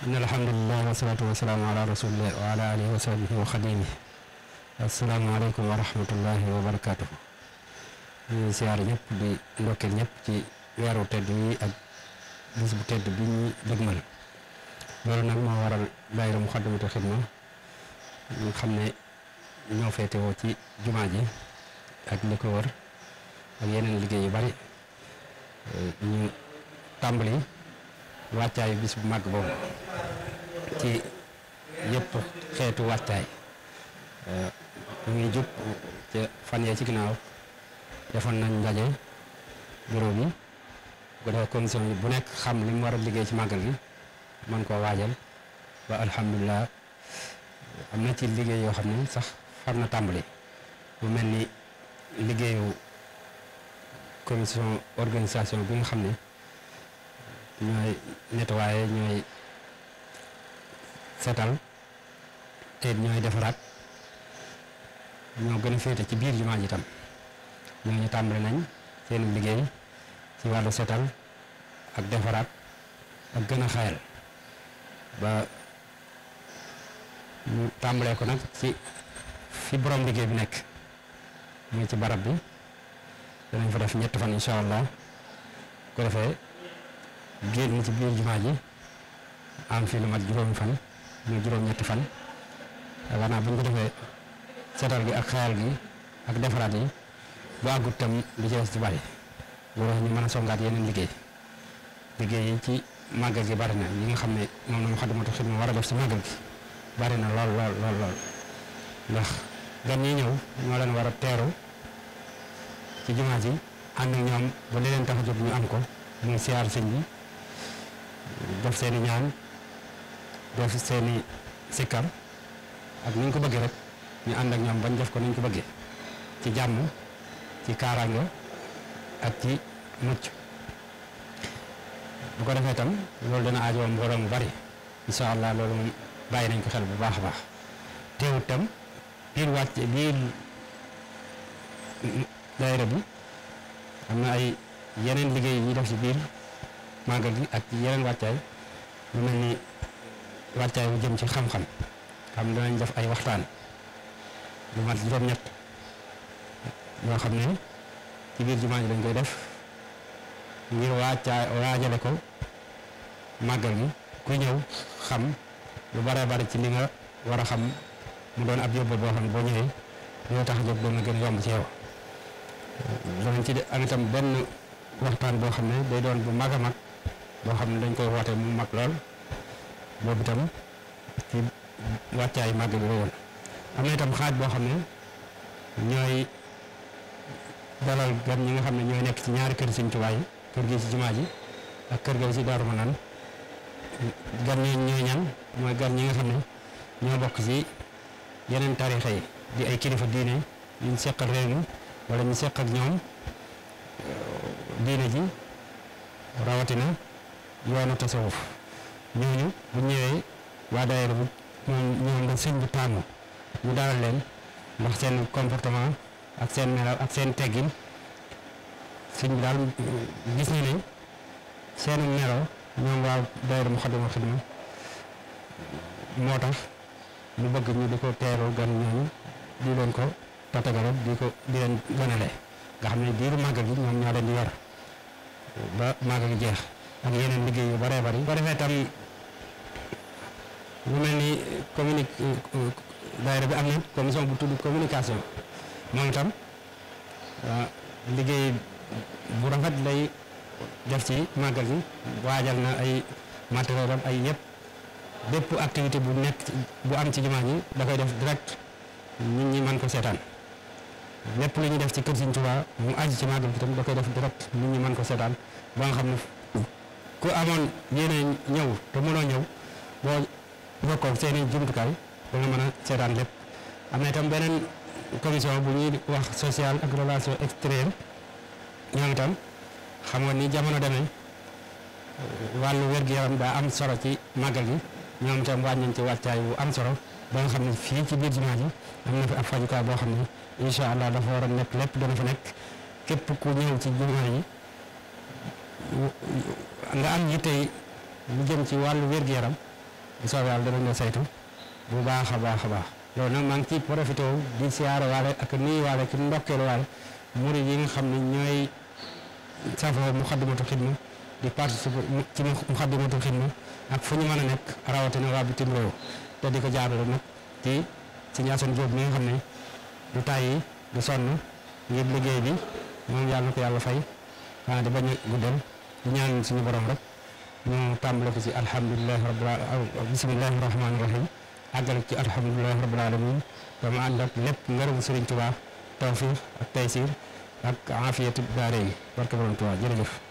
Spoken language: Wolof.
inna alhamdulilah wasalaatu wasalaamu ala rasulillah wa ala alihi wa sahbihi wa xadimi asalaamaaleykum wa rahmatullahi ñuy siyaar ñëpp di ndokkeel ñëpp ci weeru tedd yi ak bis bu tedd bi ñuy dëgmal loolu nag moo waral daayira Muxaddamatul Xidma ñu xam ne ñoo feetewoo ci jumaa ji ak li ko wër ak yeneen liggéey yu bari ñu tàmbali wàccaayu bis bu mag boobu ci yëpp xeetu wàccaay mu eh, ngi jub fan yee ci ginnaaw defoon nañ ndaje bureau bi bu defee commission bu nekk xam li mu war a liggéey ci màggal gi mën koo waajal ba alhamdulilah am na ci liggéey yoo xam ne sax far na tàmbali bu mel ni liggéeyu commission organisation bi nga xam ne ñooy nettoyer ñooy setal te ñooy defaraat ñoo gën a féete ci biir jumaa ji tam ñooñu tàmbali nañ seen liggéey ci wàllu setal ak defaraat ak gën a xayal ba ñu tàmbalee ko nag ci fi borom liggéey bi nekk muy ci barab bi danañ fa def ñett fan incha allah ko génn ci biir jumaa ji am fii lu juróomi fan muy juróom-ñetti fan yaakaar naa bu ñu ko defee seetal gi ak xayal gi ak defaraat yi bu àggut tam lu ci des ci bari loolu ñu mën a songaat yeneen liggéey liggéey yi ci màggal gi bari na yi xam ne moom la Moukhaddamatoul Khidma war a ci bari na lool lool lool lool ndax gan yi ñëw ñoo leen war a teeru ci jumaa ji ànd ak ñoom ba leneen tax a ñu am ko muy siyaar sëñ bi def seen ñaan def seeni i sikkar ak ni ñu ko bëggee rek ñu ànd ak ñoom bañ def ko ni ñu ko bëggee ci jàmm ci kaaraange ak ci mucc bu ko defee tam loolu dana aajoo mbooloo mu bari incha allah loolu moom bàyyi nañ ko xel bu baax a baax teewut tam biir wàcc biir daayira bi am na ay yeneen liggéey yi ñuy def ci biir. màggal gi ak yeneen wàccaay lu mel ni wàccaay bu jëm ci xam-xam xam danañ def ay waxtaan lu mat juróom-ñett yoo xam ne ci biir jumaa ji dañ koy def ngir wàccaay waajale ko màggal gi ku ñëw xam lu bare bare ci li nga war a xam mu doon ab yóbbal boo xam ne ñëwee ñoo tax a jóg gën yomb ci yow danañ ci am itam benn waxtaan boo xam ne day doon bu mag a mag boo xam ne dañ koy woote mu mag lool boobu tam ci wàccaay màgg bi am na itam xaaj boo xam ne ñooy dalal gan ñi nga xam ne ñooy nekk ci ñaari kër Sëñ Tuubaa yi kër gi ci jumaa ji ak kër gi ci Daaru Manaan gan ñi ñooy ñan mooy gan ñi nga xam ne ñoo bokk ci yeneen tarixa yi di ay kilifa diine ñu seqal réew mi ñu seq ak ñoom diine ji rawatina yoonu tasawuf ñooñu bu ñëwee waa daayira bu ñoom ñoom la sëñ bi tànn ñu dalal leen ndax seen comportement ak seen melaw ak seen teggin sëñ bi daal gis na ne seen melaw ñoom waa daayira Moukhaddamatoul Khidma moo tax mu bëgg ñu di ko teeru gan ñooñu di leen ko tatagalal di ko di leen ganale nga xam ne diiru màggal gi ñoom ñoo leen di yor ba màggal jeex ak yeneen liggéey yu bëree bëri. ko defee tam lu mel ni communique daayira bi am na commission bu tudd communication moom itam ah, liggéey bu rafet lay def ci màggal gi waajal na ay matériel am ay yëpp bépp activité bu nekk bu am ci jumaa ji da koy def direct nit ñi mën ko seetaan lépp lu ñuy def ci kër Sëriñ Tuubaa mu aju ci màggal gi tam da koy def direct nit ñi mën ko seetaan ba nga xam ne ku amoon yéene ñëw te mënoo ñëw boo bokkoon seen i jumtukaay da mën a seetaan lépp am na itam beneen commission bu ñuy wax sociale ak relation extérieure ñoom itam xam nga ni jamono demee wàllu wér-gu-yaram daa am solo ci màggal gi ñoom itam wàññi ci wàccaay bu am solo ba nga xam ne fii ci biir jumaa ji am na fi ab fajukaay boo xam ne incha allah dafa war nekk lépp dana fa nekk képp ku ñëw ci jumaa yi. nga am yitte bu jëm ci wàllu wér-gu-yaram bu soobee yàlla danañ la saytu bu baax a baax a baax loolu na maa ngi ciy profité di siyaare waale ak nuyu waale ak ndokkeel waale murid yi nga xam ne ñooy safoo Muxaddamatul Xidma di participer ci Muxaddamatul Xidma ak fu ñu mën a nekk rawatina waa bitim réew te di ko jaarale nag ci ci ñaasoon Jóob mi nga xam ne du tàyyi du sonn ngir liggéey bi moom yàlla ko yàlla fay. waaw di bañ a guddal di ñaan suñu borom rek ñu tàmbale ko ci alhamdulilah rabbil alamin bismillahi rahmaani rahim àggale ci alhamdulilah rabbil alamin ba mu ànd ak lépp ngërëmu Sëriñ Tuubaa tawfiix ak taysiir ak aafiyatu daarayni barke borom Tuubaa jërëjëf